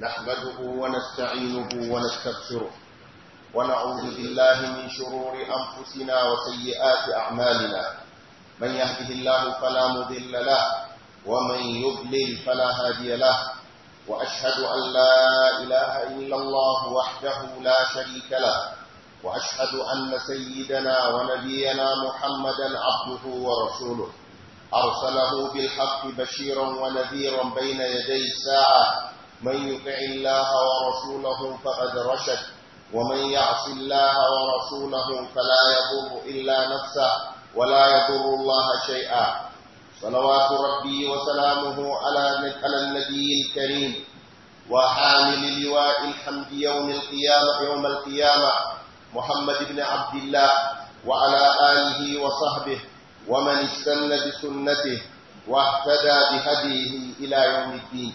نحمده ونستعينه ونستغفره ونعوذ بالله من شرور أنفسنا وسيئات أعمالنا من يهده الله فلا مضل له ومن يضلل فلا هادي له وأشهد أن لا إله إلا الله وحده لا شريك له وأشهد أن سيدنا ونبينا محمدا عبده ورسوله أرسله بالحق بشيرا ونذيرا بين يدي الساعة من يطع الله ورسوله فقد رشد ومن يعص الله ورسوله فلا يضر إلا نفسه ولا يضر الله شيئا صلوات ربي وسلامه على النبي الكريم وحامل لواء الحمد يوم القيامة يوم القيامة محمد بن عبد الله وعلى آله وصحبه ومن استنى بسنته واهتدى بهديه إلى يوم الدين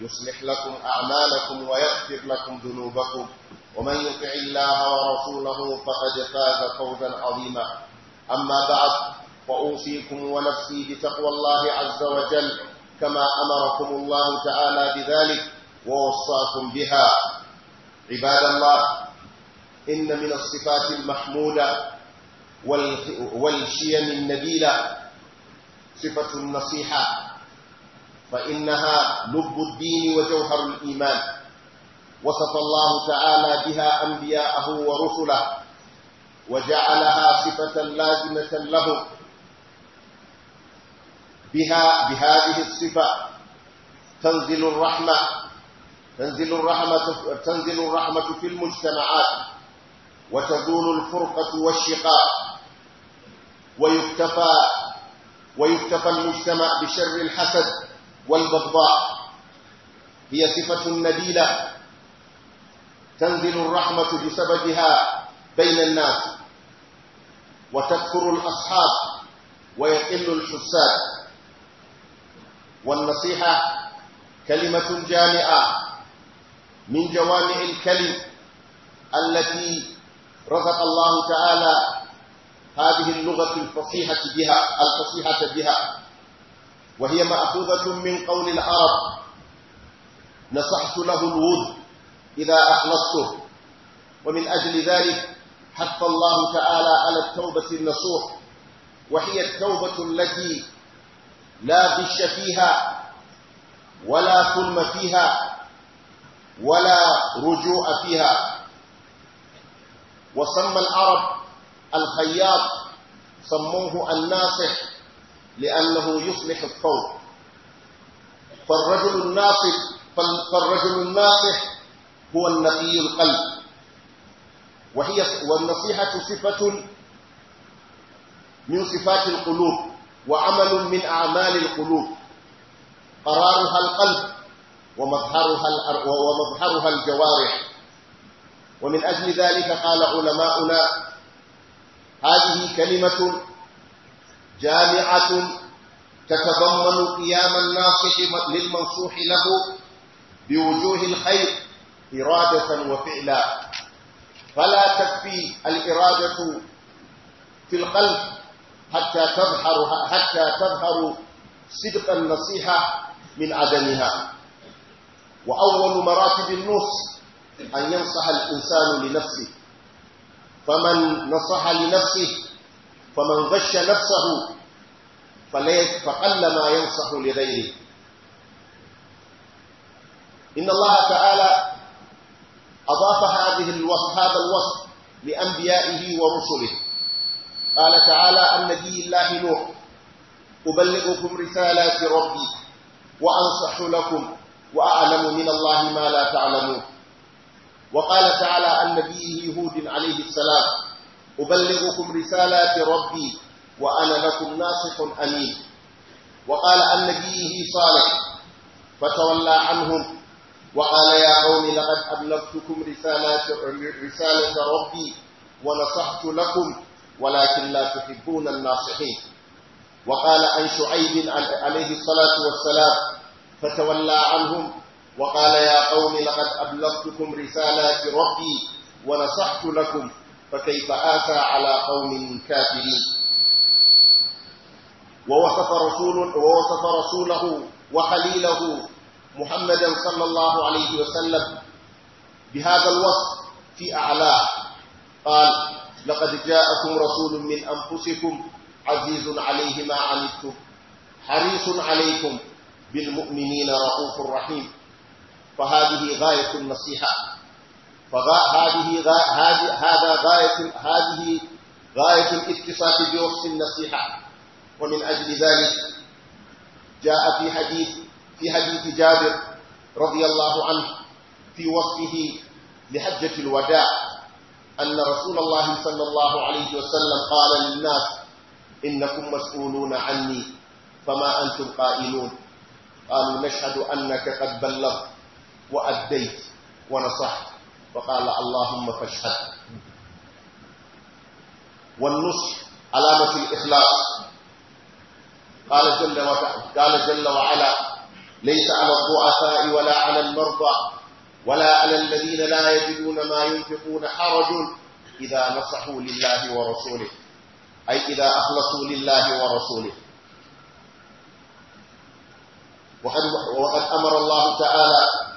يصلح لكم أعمالكم ويغفر لكم ذنوبكم ومن يطع الله ورسوله فقد فاز فوزا عظيما أما بعد فأوصيكم ونفسي بتقوى الله عز وجل كما أمركم الله تعالى بذلك ووصاكم بها عباد الله إن من الصفات المحمودة والشيم النبيلة صفة النصيحة فإنها لب الدين وجوهر الإيمان وصف الله تعالى بها أنبياءه ورسله وجعلها صفة لازمة له بها بهذه الصفة تنزل الرحمة تنزل الرحمة تنزل الرحمة في المجتمعات وتزول الفرقة والشقاق ويكتفى ويكتفى المجتمع بشر الحسد والبغضاء هي صفة نبيلة تنزل الرحمة بسببها بين الناس وتكثر الأصحاب ويقل الحساد والنصيحة كلمة جامعة من جوامع الكلم التي رزق الله تعالى هذه اللغة الفصيحة بها الفصيحة بها وهي مأخوذة من قول العرب نصحت له الود إذا أخلصته ومن أجل ذلك حث الله تعالى على التوبة النصوح وهي التوبة التي لا غش فيها ولا ثلم فيها ولا رجوع فيها وسمى العرب الخياط سموه الناصح لأنه يصلح القوم فالرجل الناصح فالرجل الناصح هو النقي القلب وهي والنصيحة صفة من صفات القلوب وعمل من أعمال القلوب قرارها القلب ومظهرها ومظهرها الجوارح ومن أجل ذلك قال علماؤنا هذه كلمة جامعة تتضمن قيام الناصح للمنصوح له بوجوه الخير إرادة وفعلا فلا تكفي الإرادة في القلب حتى تظهر حتى تظهر صدق النصيحة من عدمها وأول مراتب النصح أن ينصح الإنسان لنفسه فمن نصح لنفسه فمن غش نفسه فقل ما ينصح لغيره إن الله تعالى أضاف هذه الوصف هذا الوصف لأنبيائه ورسله قال تعالى عن نبي الله نوح أبلغكم رسالات ربي وأنصح لكم وأعلم من الله ما لا تعلمون وقال تعالى عن نبيه هود عليه السلام أبلغكم رسالات ربي وأنا لكم ناصح أمين وقال عن نبيه صالح فتولى عنهم وقال يا قوم لقد أبلغتكم رسالات رسالة ربي ونصحت لكم ولكن لا تحبون الناصحين وقال عن شعيب عليه الصلاة والسلام فتولى عنهم وقال يا قوم لقد أبلغتكم رسالات ربي ونصحت لكم فكيف آثى على قوم كافرين ووصف رسول ووصف رسوله وخليله محمدا صلى الله عليه وسلم بهذا الوصف في أعلاه قال لقد جاءكم رسول من أنفسكم عزيز عليه ما عنتم حريص عليكم بالمؤمنين رؤوف رحيم فهذه غاية النصيحة هذه هذه هذا غاية هذه غاية الاتصاف بوصف النصيحة ومن أجل ذلك جاء في حديث في حديث جابر رضي الله عنه في وصفه لحجة الوداع أن رسول الله صلى الله عليه وسلم قال للناس إنكم مسؤولون عني فما أنتم قائلون قالوا نشهد أنك قد بلغت وأديت ونصحت فقال اللهم فاشهد والنصح علامة الإخلاص قال جل وعلا قال جل وعلا ليس على الضعفاء ولا على المرضى ولا على الذين لا يجدون ما ينفقون حرج إذا نصحوا لله ورسوله أي إذا أخلصوا لله ورسوله وقد أمر الله تعالى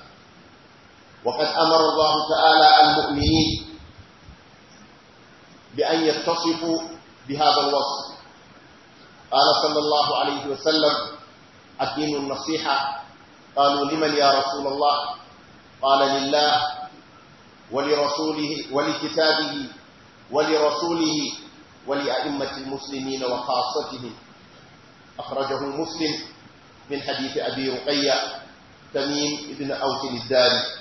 وقد أمر الله تعالى المؤمنين بأن يتصفوا بهذا الوصف قال صلى الله عليه وسلم الدين النصيحة قالوا لمن يا رسول الله قال لله ولرسوله ولكتابه ولرسوله ولأئمة المسلمين وخاصتهم أخرجه مسلم من حديث أبي رقية تميم بن أوس الداري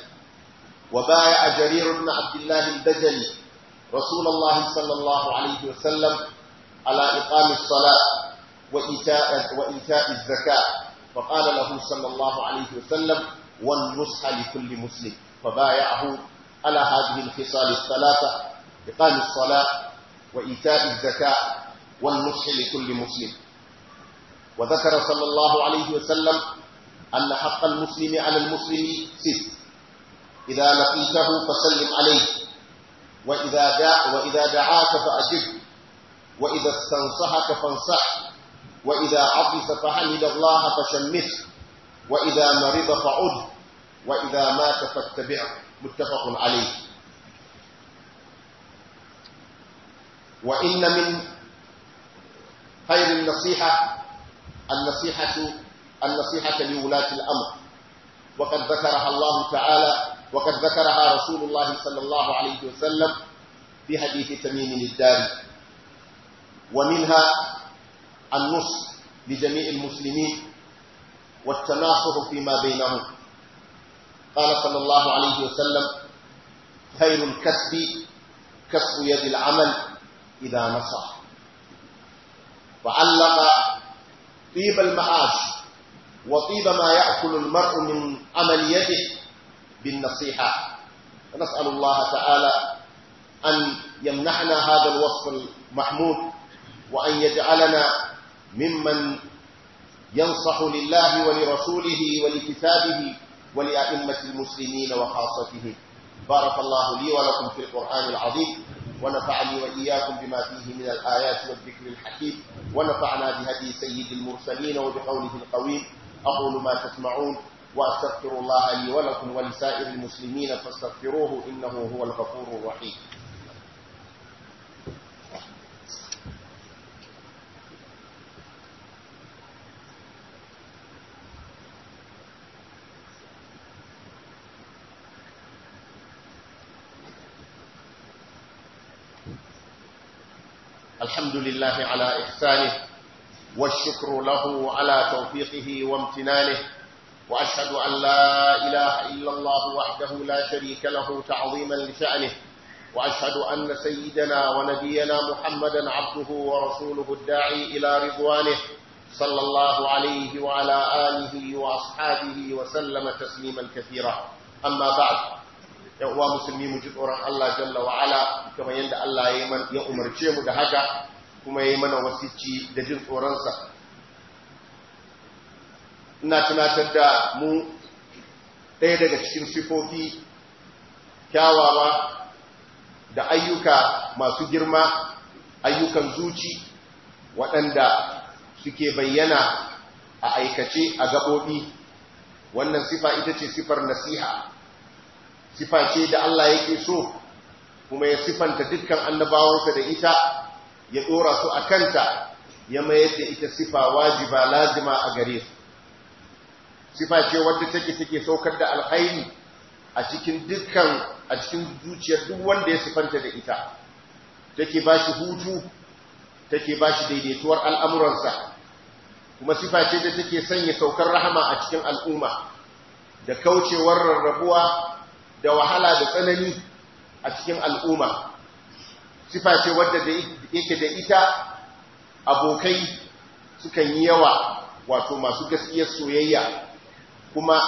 وبايع جرير بن عبد الله البجلي رسول الله صلى الله عليه وسلم على إقام الصلاة وإيتاء, وإيتاء الزكاة فقال له صلى الله عليه وسلم والنصح لكل مسلم فبايعه على هذه الخصال الثلاثة إقام الصلاة وإيتاء الزكاة والنصح لكل مسلم وذكر صلى الله عليه وسلم أن حق المسلم على المسلم ست إذا لقيته فسلم عليه وإذا, دع وإذا دعاك فأجب وإذا استنصحك فانصح وإذا عطس فحمد الله فشمس وإذا مرض فعد وإذا مات فاتبعه متفق عليه وإن من خير النصيحة النصيحة النصيحة لولاة الأمر وقد ذكرها الله تعالى وقد ذكرها رسول الله صلى الله عليه وسلم في حديث تميم الداري ومنها النص لجميع المسلمين والتناصر فيما بينهم قال صلى الله عليه وسلم خير الكسب كسب يد العمل إذا نصح وعلق طيب المعاش وطيب ما يأكل المرء من عمل يده بالنصيحة ونسأل الله تعالى أن يمنحنا هذا الوصف المحمود وأن يجعلنا ممن ينصح لله ولرسوله ولكتابه ولأئمة المسلمين وخاصته بارك الله لي ولكم في القرآن العظيم ونفعني وإياكم بما فيه من الآيات والذكر الحكيم ونفعنا بهدي سيد المرسلين وبقوله القويم أقول ما تسمعون وأستغفر الله لي ولكم ولسائر المسلمين فاستغفروه إنه هو الغفور الرحيم الحمد لله على إحسانه والشكر له على توفيقه وامتنانه وأشهد أن لا إله إلا الله وحده لا شريك له تعظيما لشأنه وأشهد أن سيدنا ونبينا محمدا عبده ورسوله الداعي إلى رضوانه صلى الله عليه وعلى آله وأصحابه وسلم تسليما كثيرا أما بعد yan uwa musulmi mu ji tsoron Allah jalla wa ala kamar yadda Allah ya umarce mu da haka kuma ya yi mana wasici da jin tsoronsa ina tunatar da mu ɗaya daga cikin sifofi kyawawa da ayyuka masu girma ayyukan zuci waɗanda suke bayyana a aikace a gaɓoɓi wannan sifa ita ce sifar nasiha sifa ce da Allah yake so kuma ya sifanta dukkan annabawarsa da ita ya ɗora su a kanta ya mayar da ita sifa wajiba lazima a gare su sifa ce wadda take take saukar da alkhairi a cikin dukkan a cikin zuciyar duk wanda ya sifanta da ita take ba shi hutu take ba shi daidaituwar al'amuransa kuma sifa ce da take sanya saukar rahama a cikin al'umma da kaucewar rarrabuwa da wahala da tsanani a cikin al'umma sifa ce wadda yake da ita abokai sukan yi yawa wato masu gaskiyar soyayya kuma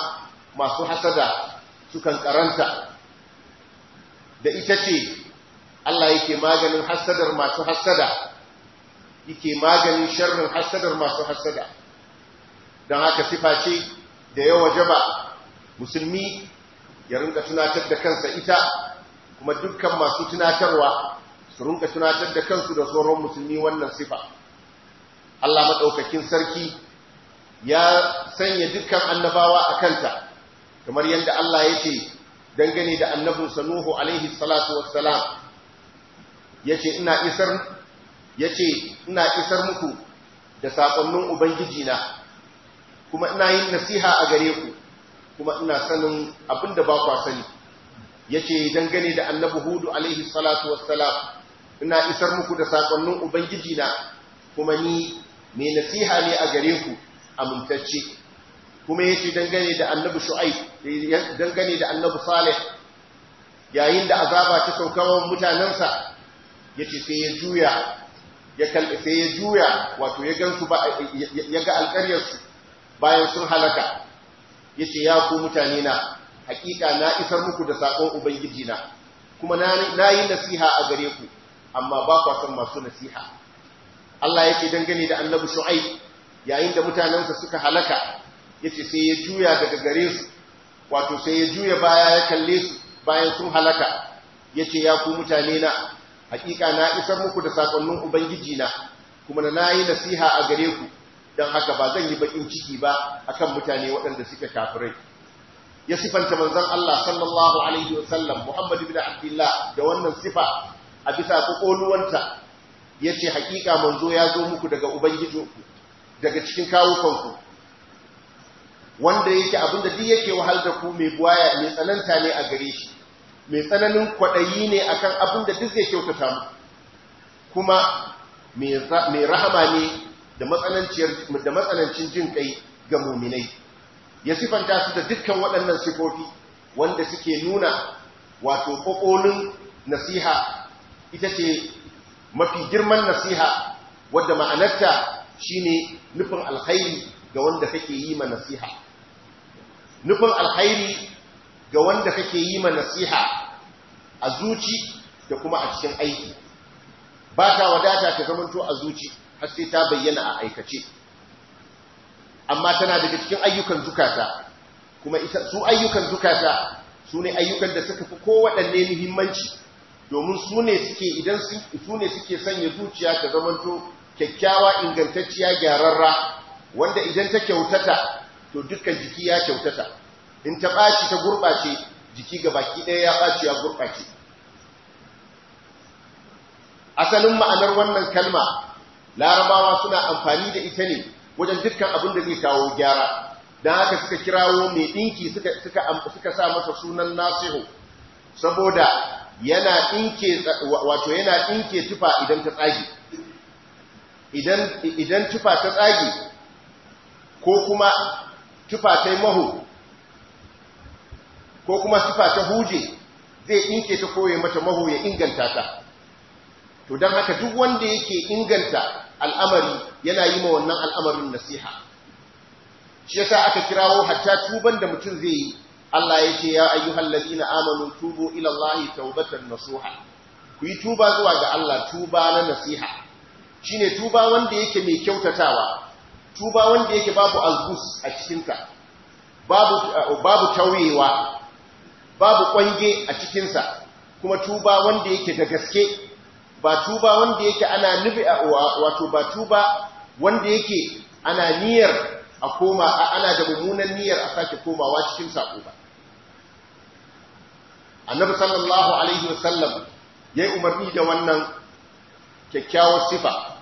masu hasada sukan karanta da ita ce Allah yake maganin hasadar masu hasada yake maganin sharrin hasadar masu hasada don haka sifa ce da yawa jaba musulmi ya rinka tunatar da kansa ita kuma dukkan masu tunatarwa su rinka tunatar da kansu da tsoron musulmi wannan sifa Allah maɗaukakin sarki ya sanya dukkan annabawa a kanta kamar yadda Allah ya ce dangane da Annabu Sanuhu alaihi salatu wassalam ya ce ina isar ya ce ina isar muku da saƙonnin Ubangijina kuma ina yin nasiha a gare ku kuma ina sanin abin da ba kwa sani ya ce dangane da annabi Hudu alaihi salatu wassalam ina isar muku da saƙonnin Ubangijina kuma ni mai nasiha ne a gare ku amintacce kuma yace dangane da annabi shu'aib dangane da annabi salih yayin da azaba ta wa mutanansa yace sai ya juya ya sai ya juya wato ya gansu ba ya ga alƙaryar su bayan sun halaka yace ya ku mutane na hakika na isar muku da sakon ubangiji na kuma na yi nasiha a gare ku amma ba ku san masu nasiha Allah yake dangane da annabi shu'aib yayin da mutanensa suka halaka yace sai ya juya daga gare su wato sai ya juya baya ya kalle su bayan sun halaka yace ya ku mutane na hakika na isar muku da sakonnin ubangiji na kuma na nayi nasiha a gare ku dan haka ba zan yi bakin ciki ba akan mutane waɗanda suka kafirai ya sifanta manzon Allah sallallahu alaihi wasallam Muhammad ibn Abdullah da wannan sifa a bisa kokoluwanta yace hakika manzo ya zo muku daga ubangijinku daga cikin kawukanku wanda yake abin da duk yake wahal da ku mai buwaya mai tsananta ne a gare shi mai tsananin kwaɗayi ne akan abin da duk zai kyautata mu kuma mai rahama ne da matsanancin jin kai ga muminai ya sifanta su da dukkan waɗannan sifofi wanda suke nuna wato ƙoƙolin nasiha ita ce mafi girman nasiha wadda ma'anarta shine nufin alkhairi ga wanda kake yi ma nasiha nufin alkhairi ga wanda kake yi ma nasiha a zuci da kuma a cikin aiki ba ta wadata ta zamanto a zuci har sai ta bayyana a aikace amma tana daga cikin ayyukan zukata kuma su ayyukan zukata su ne ayyukan da suka fi kowaɗanne muhimmanci domin su ne suke idan su ne suke sanya zuciya ta zamanto kyakkyawa ingantacciya gyararra wanda idan ta kyautata to dukkan jiki ya kyautata in ta ɓaci ta gurɓace jiki ga baki ɗaya ya bashi ya gurɓace asalin ma'anar wannan kalma larabawa suna amfani da ita ne wajen dukkan abin da zai kawo gyara don haka suka kirawo mai ɗinki suka sa masa sunan nasihu saboda yana ɗinke wato yana ɗinke tufa idan ta tsage idan tufa ta tsage ko kuma tufa ta yi mahu ko kuma tufa ta huje zai inke ta koye mata mahu ya inganta ta to don haka duk wanda yake inganta al'amari yana yi ma wannan al'amarin nasiha shi yasa aka kirawo hatta tuban da mutum zai yi Allah ya ce ya ayyuhal ladina amanu tubu ila Allah tawbatan nasuha ku yi tuba zuwa ga Allah tuba na nasiha shine tuba wanda yake mai kyautatawa tuba wanda yake babu algus a cikinsa babu uh, babu tauyewa babu kwange a cikinsa kuma tuba wanda yake da gaske ba tuba wanda yake ana nufi uh, a wato ba tuba wanda yake ana niyyar a koma ana da mummunan niyyar a sake komawa cikin sako ba annabi sallallahu alaihi wasallam yayi umarni da wannan kyakkyawar sifa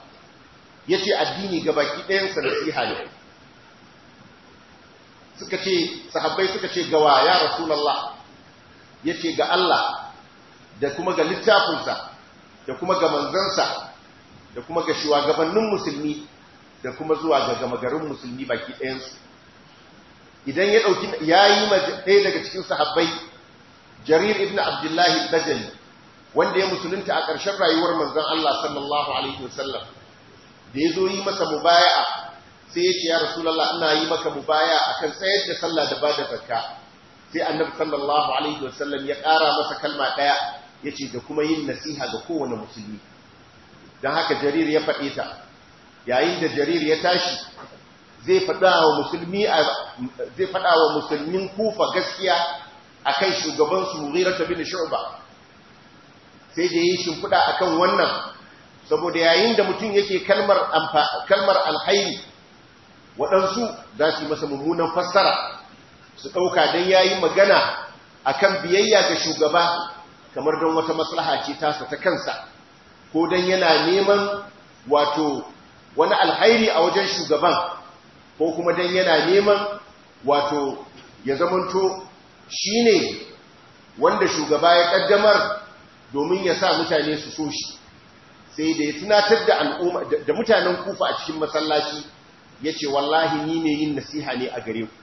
ya ce addini ga baki ɗayansa nasiha ne suka ce sahabbai suka ce gawa ya rasulallah ya ce ga Allah da kuma ga littafinsa da kuma ga manzansa da kuma ga shugabannin musulmi da kuma zuwa ga gamagarin musulmi baki ɗayansu idan ya ɗauki ya yi ɗaya daga cikin sahabbai jarir ibn abdullahi bajali wanda ya musulunta a ƙarshen rayuwar manzon Allah sallallahu alaihi wasallam da ya zo yi masa mubaya'a sai ya ce ya rasulullah ina yi maka mubaya'a akan tsayar da sallah da bada zakka sai annabi sallallahu alaihi wasallam ya ƙara masa kalma ɗaya ya ce da kuma yin nasiha ga kowane musulmi don haka jarir ya faɗe ta yayin da jarir ya tashi zai faɗa wa musulmi zai faɗa wa musulmin kufa gaskiya akan shugaban su mughirata bin shu'ba sai da yi shimfiɗa kan wannan saboda yayin da mutum yake kalmar alhairi waɗansu za su yi masa mummunan fassara su ɗauka don ya yi magana a kan biyayya ga shugaba kamar don wata maslaha ce tasa ta kansa ko don yana neman wato wani alhairi a wajen shugaban ko kuma don yana neman wato ya zamanto shi ne wanda shugaba ya ƙaddamar domin ya sa mutane su so shi sai da ya tunatar da al'umma da mutanen kufa a cikin masallaci ya ce wallahi ni ne yin nasiha ne a gare ku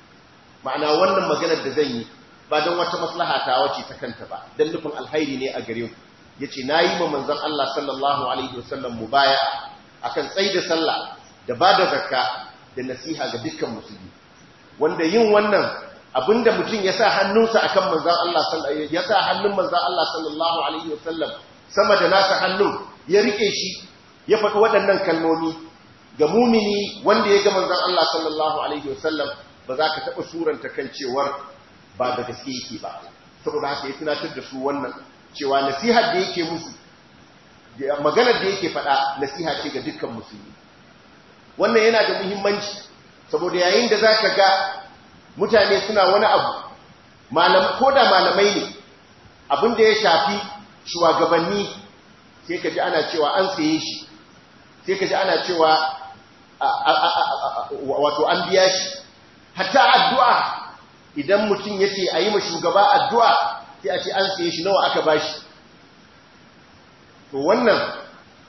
ma'ana wannan maganar da zan yi ba don wata maslaha ta wace ta kanta ba don nufin alhairi ne a gare ku ya ce na yi ma manzan Allah sallallahu alaihi wasallam mu baya a kan tsaye da sallah da ba da zakka da nasiha ga dukkan musulmi wanda yin wannan abinda mutum ya sa hannunsa a manzan Allah ya sa hannun manzan Allah sallallahu alaihi wasallam sama da nasa hannun ya rike shi ya faɗi waɗannan kalmomi ga mumini wanda ya ga manzan Allah sallallahu alaihi wasallam ba za ka taɓa suranta kan cewar ba da gaske yake ba saboda haka ya tunatar da su wannan cewa nasihar da yake musu maganar da yake faɗa nasiha ce ga dukkan musulmi wannan yana da muhimmanci saboda yayin da za ka ga mutane suna wani abu malam ko da malamai ne abin da ya shafi shugabanni sai ka ana cewa an saye shi sai ka ana cewa wato an biya shi hatta addu'a idan mutum yace a yi ma shugaba addu'a sai a ce an saye shi nawa aka bashi to wannan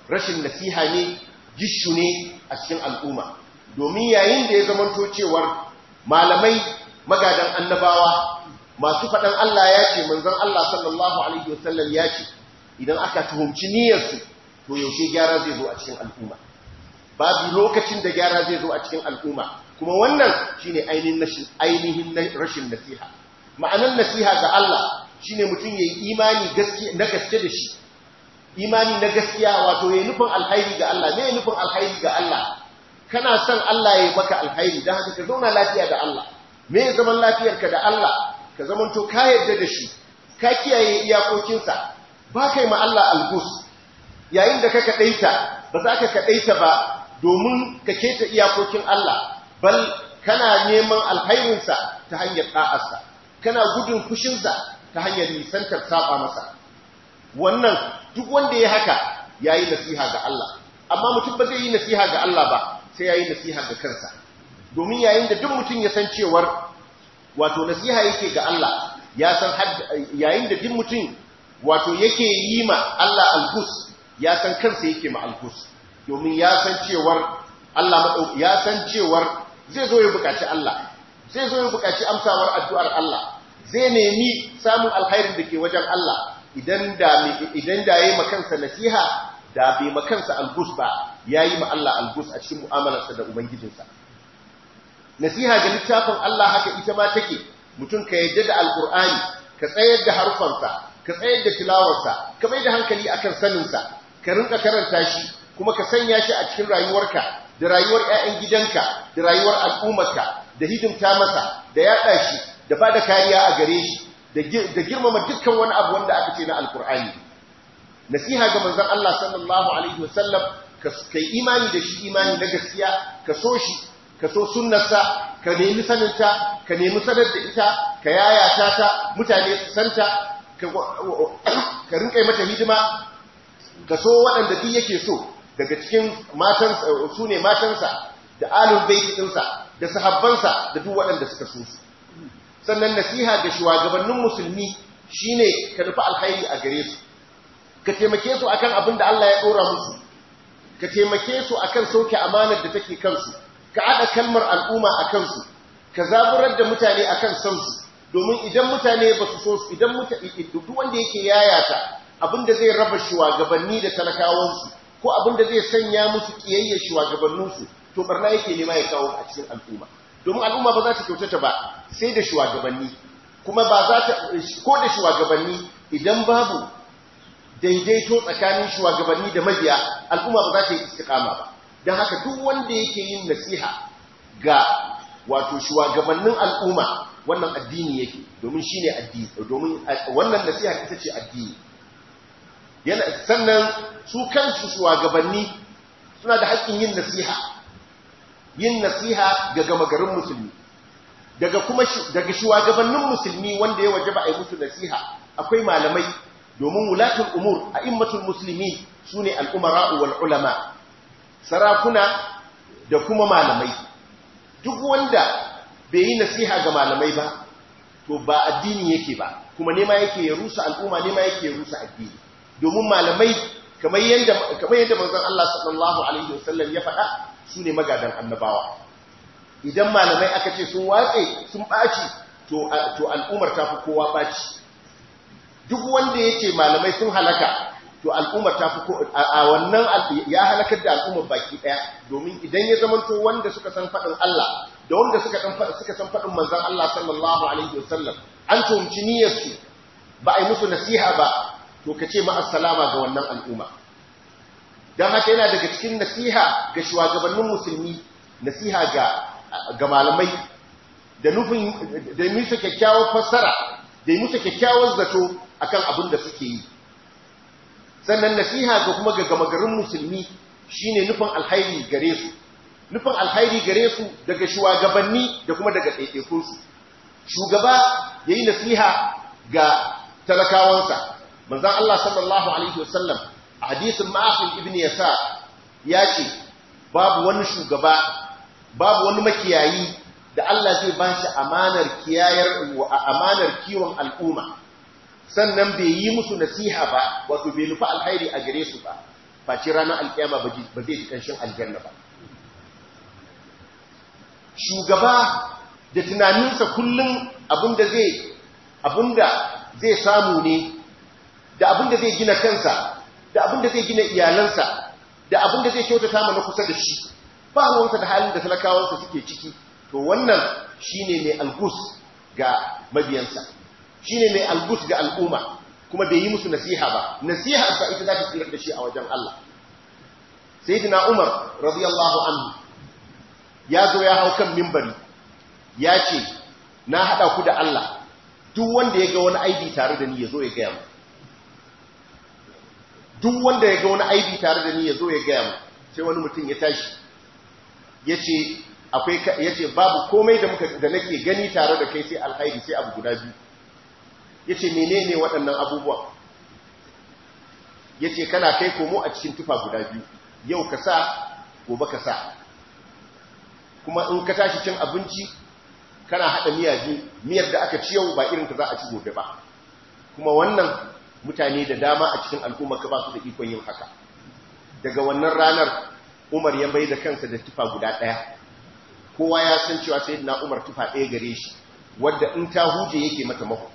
rashin nasiha ne gishu ne a cikin al'umma domin yayin da ya zamanto cewar malamai magadan annabawa masu faɗan Allah ya ce manzon Allah sallallahu alaihi wasallam ya ce idan aka tuhumci niyyar su to yaushe gyara zai zo a cikin al'umma babu lokacin da gyara zai zo a cikin al'umma kuma wannan shine ainihin ainihin rashin nasiha ma'anar nasiha ga Allah shine mutum yayi imani gaskiya na gaske da shi imani na gaskiya wato yayi nufin alkhairi ga Allah ne nufin alhairi ga Allah kana son Allah ya yi maka alhairi don haka ka zauna lafiya da Allah me ya zaman lafiyarka da Allah ka to ka yarda da shi ka kiyaye iyakokinsa ba ka ma Allah algus yayin da ka kaɗaita ba za ka kaɗaita ba domin ka keta iyakokin Allah bal kana neman alhairinsa ta hanyar ɗa'arsa kana gudun fushinsa ta hanyar nisantar saba masa wannan duk wanda ya haka ya yi nasiha ga Allah amma mutum ba zai yi nasiha ga Allah ba sai yayin nasiha ga kansa domin yayin da duk mutum ya san cewar wato nasiha yake ga Allah ya san yayin da duk mutum wato yake yi ma Allah algus ya san kansa yake ma algus domin ya san cewar Allah ya san cewar zai zo ya bukaci Allah zai zo ya bukaci amsawar addu'ar Allah zai nemi samun alkhairin da ke wajen Allah idan da idan da yayi kansa nasiha da bai makansa algus ba ya yi ma Allah algus a cikin mu'amalarsa da ubangijinsa nasiha ga littafin Allah haka ita ma take mutum ka yadda da alkur'ani ka tsayar da harfansa ka tsayar da tilawarsa ka mai da hankali akan saninsa ka rinka karanta shi kuma ka sanya shi a cikin rayuwarka da rayuwar 'ya'yan gidanka da rayuwar al'ummarka da hidimta masa da yaɗa shi da ba da kariya a gare shi da girmama dukkan wani abu wanda aka ce na alkur'ani nasiha ga manzon Allah sallallahu alaihi sallam ka kai imani da shi imani na gaskiya ka so shi ka so sunnarsa ka nemi saninta ka nemi sanar da ita ka yayata ta mutane su santa ka rinka mata hidima ka so waɗanda duk yake so daga cikin matan su ne matansa da alul baiti da sahabbansa da duk waɗanda suka so su sannan nasiha ga shugabannin musulmi shine ka nufi alkhairi a gare su ka taimake su akan abin da Allah ya dora musu ka taimake su akan sauke amanar da take kansu ka haɗa kalmar al'umma a kansu ka zaburar da mutane akan san su domin idan mutane ba su so su idan mutane duk wanda yake yayata abin da zai raba shugabanni da talakawansu ko abin da zai sanya musu kiyayyar shugabanninsu to barna yake nema ya kawo a cikin al'umma domin al'umma ba za ta kyautata ba sai da shugabanni kuma ba za ta ko da shugabanni idan babu daidaito tsakanin shugabanni da mabiya al'umma ba za ta yi istiqama ba Dan haka duk wanda yake yin nasiha ga wato shugabannin al'umma wannan addini yake domin shine addini domin wannan nasiha ita ce addini yana sannan su kansu shugabanni suna da haƙƙin yin nasiha yin nasiha ga gama garin musulmi daga kuma daga shugabannin musulmi wanda ya wajaba a yi musu nasiha akwai malamai domin wulatul umur a immatul musulmi su ne al'umara ulama sarakuna da kuma malamai duk wanda bai yi nasiha ga malamai ba to ba addini yake ba kuma nema yake ya rusa al'umma nema yake ya rusa addini domin malamai kamar yadda manzon Allah sallallahu alaihi wasallam ya faɗa su ne magadan annabawa idan malamai aka ce sun watse sun ɓaci to al'ummar ta fi kowa ɓaci duk wanda ya ce malamai sun halaka to al'umma ta fi a wannan ya halakar da al'umma baki daya domin idan ya zama zamanto wanda suka san fadin Allah da wanda suka san fadin suka san fadin manzon Allah sallallahu alaihi wasallam an tumci niyyar su ba ai musu nasiha ba to kace ma assalama ga wannan al'umma dan haka yana daga cikin nasiha ga shugabannin musulmi nasiha ga ga malamai da nufin da musu kyakkyawar fassara da musu kyakkyawar zato akan abin da suke yi sannan nasiha ga kuma ga gamagarin musulmi shine nufin alhairi gare su nufin alhairi gare su daga shugabanni da kuma daga ɗaiɗaikun su shugaba yayi nasiha ga talakawansa manzon Allah sallallahu alaihi wasallam a hadisin Ma'qil ibn Yasar ya ce babu wani shugaba babu wani makiyayi da Allah zai ba shi amanar kiyayar amanar kiwon al'umma sannan bai yi musu nasiha ba wato bai nufi alkhairi a gare su ba face ranar alkiyama ba zai ji kanshin aljanna ba shugaba da tunaninsa kullum abinda zai abinda zai samu ne da abinda zai gina kansa da abinda zai gina iyalansa da abinda zai kyautata mana kusa da shi ba ruwansa da halin da talakawansa suke ciki to wannan shine mai algus ga mabiyansa shine mai albus ga al'umma kuma bai yi musu nasiha ba nasiha sa ita za ta tsira da shi a wajen Allah sayyidina Umar radiyallahu anhu ya zo ya hau kan mimbari ya ce na hada ku da Allah duk wanda ya ga wani aibi tare da ni ya zo ya gaya mu duk wanda ya ga wani aibi tare da ni ya zo ya gaya mu sai wani mutum ya tashi ya ce akwai ya ce babu komai da muka da nake gani tare da kai sai alkhairi sai abu guda biyu yace menene waɗannan abubuwa yace kana kai komo a cikin tufa guda biyu yau ka sa gobe ka sa kuma in ka tashi cin abinci kana haɗa miya biyu miyar da aka ci yau ba irin ka za a ci gobe ba kuma wannan mutane da dama a cikin al'umma ka ba su da ikon yin haka daga wannan ranar Umar ya bai da kansa da tufa guda ɗaya kowa ya san cewa sai na Umar tufa ɗaya gare shi wadda in ta huje yake mata mako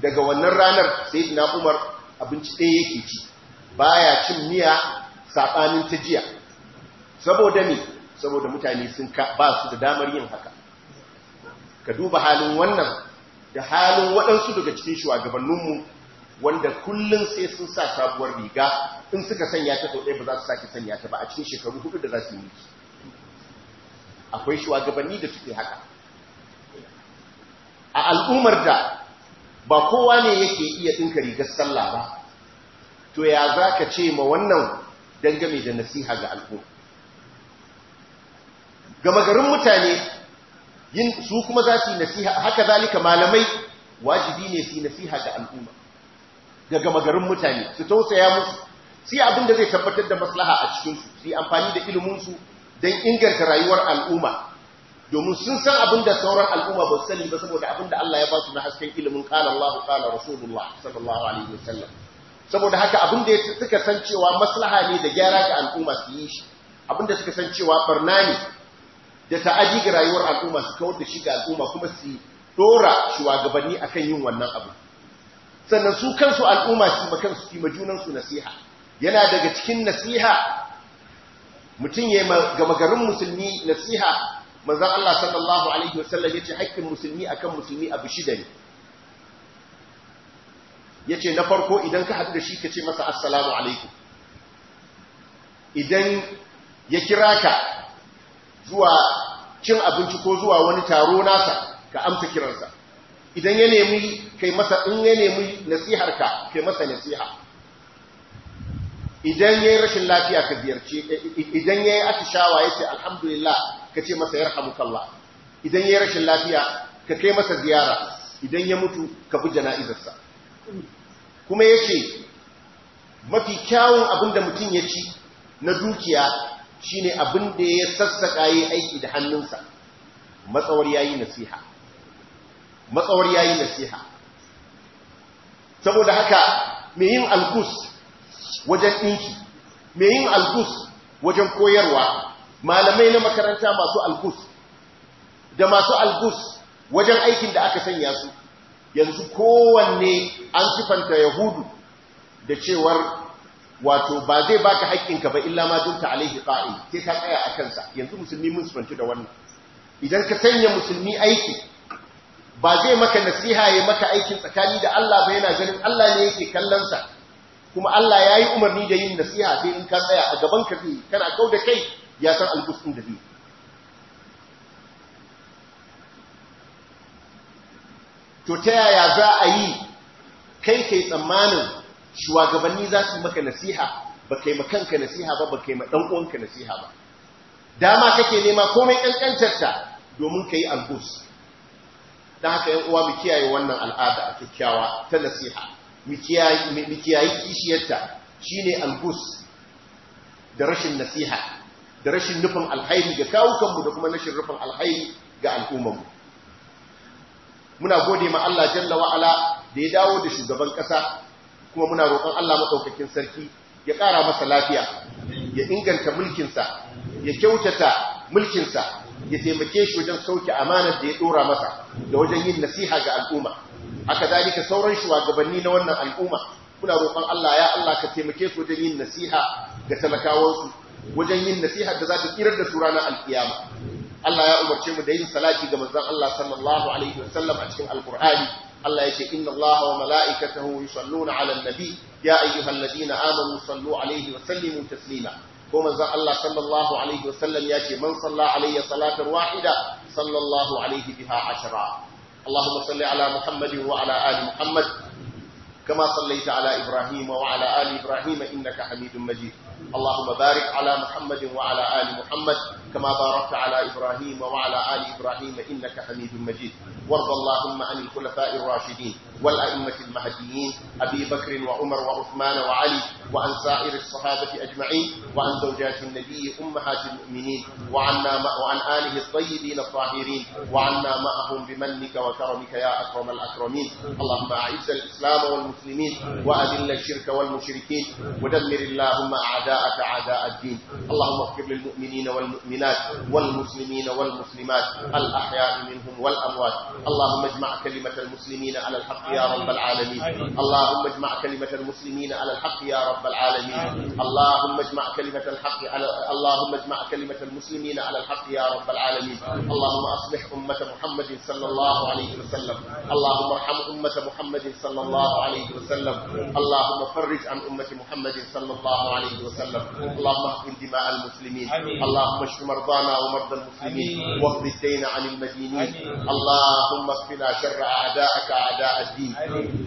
daga wannan ranar sai na umar abinci ɗaya yake ci baya cin miya saɓanin ta jiya saboda ne saboda mutane sun ba su da damar yin haka ka duba halin wannan da halin waɗansu daga cikin shugabanninmu wanda kullum sai sun sa sabuwar riga in suka sanya ta sau ɗaya ba za su sake sanya ta ba a cikin shekaru hudu da za su yi akwai shugabanni da suke haka a al'ummar da ba kowa ne yake iya ɗinka rigar sallah ba to ya za ka ce ma wannan dangame da nasiha ga al'umma gama garin mutane yin su kuma za su yi nasiha haka zalika malamai wajibi ne su yi nasiha ga al'umma ga gama garin mutane su tausaya musu su yi abin da zai tabbatar da maslaha a cikinsu su yi amfani da iliminsu don inganta rayuwar al'umma domin sun san abin da sauran al'umma ba su sani ba saboda abin da Allah ya ba su na hasken ilimin qala Allahu qala Rasulullah sallallahu alaihi wasallam saboda haka abin da suka san cewa maslaha ne da gyara ga al'umma su yi shi abin da suka san cewa barna ne da ta'aji ga rayuwar al'umma su kawar da shi ga al'umma kuma su dora shugabanni akan yin wannan abu sannan su kansu al'umma su makan su fi majunan su nasiha yana daga cikin nasiha mutum ya ga magarin musulmi nasiha manzan Allah sallallahu alaihi wasallam yace haƙƙin musulmi akan musulmi abu shida ne yace na farko idan ka haɗu da shi kace masa assalamu alaikum idan ya kira ka zuwa cin abinci ko zuwa wani taro nasa ka amsa kiransa idan ya nemi kai masa in ya nemi nasiharka, kai masa nasiha idan yayi rashin lafiya ka ziyarce idan yayi atishawa yace alhamdulillah kace masa yarhamukallah idan yayi rashin lafiya ka kai masa ziyara idan ya mutu ka bi jana'izarsa kuma yace mafi kyawun abinda mutum ya ci na dukiya shine abinda ya sassaka yi aiki da hannunsa matsawar yayi nasiha matsawar yayi nasiha saboda haka mai yin alkus wajen ɗinki mai yin alkus wajen koyarwa malamai na makaranta masu alkus da masu alkus wajen aikin da aka sanya su yanzu kowanne an sifanta yahudu da cewar wato ba zai ba ka haƙƙinka ba illa ma dunta alaihi ƙa’i sai ta tsaya a kansa yanzu musulmi mun sifanci da wannan idan ka sanya musulmi aiki ba zai maka nasiha ya maka aikin tsakani da Allah ba yana ganin Allah ne yake kallonsa. kuma Allah ya yi umarni da yin nasiha sai in ka tsaya a gaban ka kana kau da kai ya san albustin da zai to ta yaya za a yi kai kai tsammanin shugabanni za su maka nasiha ba kai makanka nasiha ba ba kai uwanka nasiha ba dama kake nema komai ta domin ka yi albus don haka yan uwa mu kiyaye wannan al'ada a kyakkyawa ta nasiha mikiyayi kishiyarta shi ne algus da rashin nasiha da rashin nufin alhairi ga kawukanmu da kuma rashin rufin alhairi ga al'ummarmu muna gode ma Allah jalla wa'ala da ya dawo da shugaban ƙasa kuma muna roƙon Allah maɗaukakin sarki ya ƙara masa lafiya ya inganta mulkinsa ya kyautata mulkinsa ya taimake shi wajen sauke amanar da ya ɗora masa da wajen yin nasiha ga al'umma aka dalika sauran shugabanni na wannan al'umma muna roƙon Allah ya Allah ka taimake su wajen yin nasiha ga talakawansu wajen yin nasiha da za ta tsirar da su ranar alkiyama Allah ya umarce mu da yin salati ga manzon Allah sallallahu alaihi wasallam a cikin alqur'ani Allah ce inna Allah wa mala'ikatahu yusalluna 'alan nabi ya ayyuhalladhina amanu sallu 'alaihi wa sallimu taslima ko manzon Allah sallallahu alaihi wasallam ce man salla alayya salatan wahida sallallahu alaihi biha ashara اللهم صل على محمد وعلى آل محمد كما صليت على إبراهيم وعلى آل إبراهيم إنك حميد مجيد اللهم بارك على محمد وعلى آل محمد كما باركت على إبراهيم وعلى آل إبراهيم إنك حميد مجيد وارض اللهم عن الخلفاء الراشدين والأئمة المهديين أبي بكر وعمر وعثمان وعلي وعن سائر الصحابة أجمعين وعن زوجات النبي أمهات المؤمنين وعنا وعن آله الطيبين الطاهرين وعنا معهم بمنك وكرمك يا أكرم الأكرمين اللهم أعز الإسلام والمسلمين المسلمين وأذل الشرك والمشركين ودمر اللهم أعداءك أعداء الدين اللهم اغفر للمؤمنين والمؤمنات والمسلمين والمسلمات الأحياء منهم والأموات اللهم اجمع كلمة المسلمين على الحق يا رب العالمين اللهم اجمع كلمة المسلمين على الحق يا رب العالمين اللهم اجمع كلمة الحق على اللهم اجمع كلمة المسلمين على الحق يا رب العالمين اللهم اصلح أمة محمد صلى الله عليه وسلم اللهم ارحم أمة محمد صلى الله عليه عليه وسلم اللهم فرج عن أمة محمد صلى الله عليه وسلم اللهم احقن دماء المسلمين اللهم اشف مرضانا ومرضى المسلمين واقض الدين عن المدينين اللهم اصفنا شر أعدائك أعداء الدين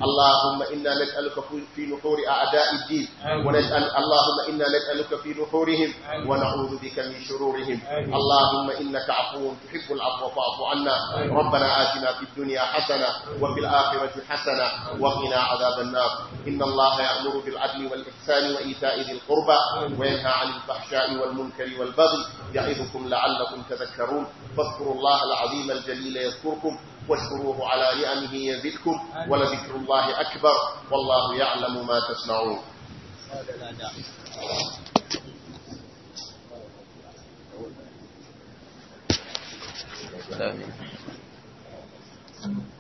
اللهم إنا نسألك في نحور أعداء الدين ونسأل اللهم إنا نسألك في نحورهم ونعوذ بك من شرورهم اللهم إنك عفو تحب العفو فاعف عنا ربنا آتنا في الدنيا حسنة وفي الآخرة حسنة وقنا عذاب عذاب النار إن الله يأمر بالعدل والإحسان وإيتاء ذي القربى وينهى عن الفحشاء والمنكر والبغي يعظكم لعلكم تذكرون فاذكروا الله العظيم الجليل يذكركم واشكروه على نعمه يزدكم ولذكر الله أكبر والله يعلم ما تصنعون Thank you.